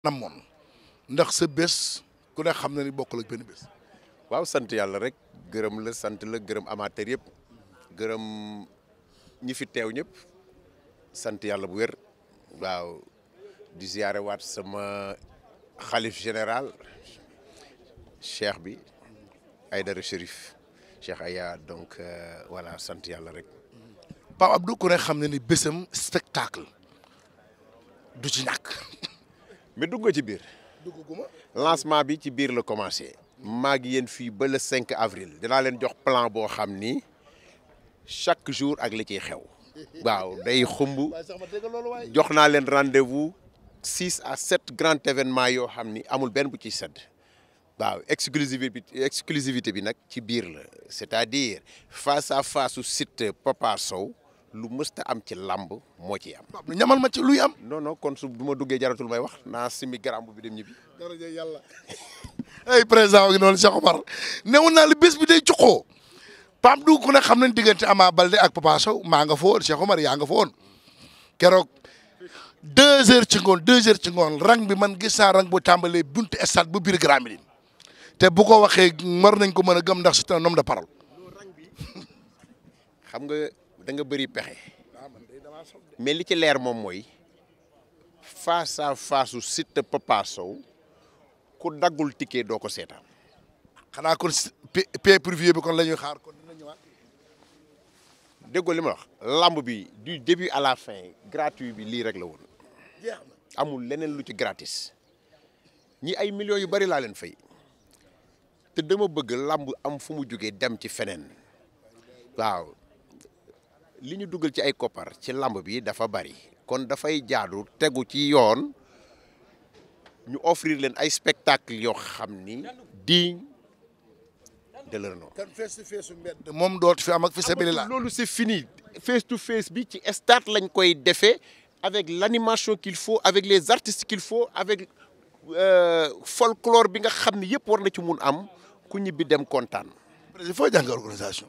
namon ndax sa bés ku ne xamna ni bokkul ak ben bés. waaw sante yàlla rek gërëm la sante la gërëm amateur yep gërëm ñi fi tew ñep sante yàlla bu wér. waaw di ziare wat sama xalif général cheikh bi Aydara Chérif Cheikh Aya donc voilà sante yàlla rek. Pape Abdou ku ne xamna ni bésam spectacle du ci nak mais dugg ci biir. dugguma lancement bi ci biir le commencé. Mag ngi fi ba le 5 avril dinaa len jox plan bo xamni chaque jour ak li ci xew. waaw day xumbu. jox na len rendez-vous 6 à 7 grands événements yo xamni amul ben bu ci sedd. waaw exclusivité exclusivité bi nak ci biir la c'est-à-dire face à face au site Papa Sow. lu mësta am ci làmb moo ciy am. ñamal ma ci luy am. non non kon su bu ma duggee jaratul may wax naa simi garamb bi dem ñibbi. jërëjëf yàlla ay président wu ñu doon Cheikh Omar newoon naa la bés bi day joxoo Pape Dou ku ne xam nañ diggante amaa Balde ak Papa Sow maa nga fa woon Cheikh yaa nga fa keroog deux heures ci ngoon deux heures ci ngoon rang bi man gis naa rang bu tàmbalee buntu stade bu biir Grand Médine te bu ko waxee war nañ ko mën a gëm ndax c'est un homme de parole. xam nga. da nga bëri pexe ah, mais li ci leer moom mooy face à face su Siteu Papa Sow ku daggul ticket doo ko seetaan. xanaa kon pay-per-view bi kon la ñuy xaar kon déggoo li ma wax bi du début à la fin gratuit bi lii rek la woon amul leneen lu ci gratis ñi ay millions yu bari laa leen fay te dama bëgg làmb am fu mu jógee dem ci feneen waaw. li ñu dugal ci ay koppar ci lamb bi dafa bari kon dafay jaadu tegu ci yoon ñu offrir leen ay spectacle yoo xam ni digne de leur nom. kan face to face mbedd moom fi am ak fi sabili la loolu c'est fini face to face bi ci start lañ koy defee avec l'animation qu'il faut avec les artistes qu'il faut avec euh, folklore bi nga xam ni yëpp war na ci mun am ku ñibbi dem kontaan. il faut jàng organisation.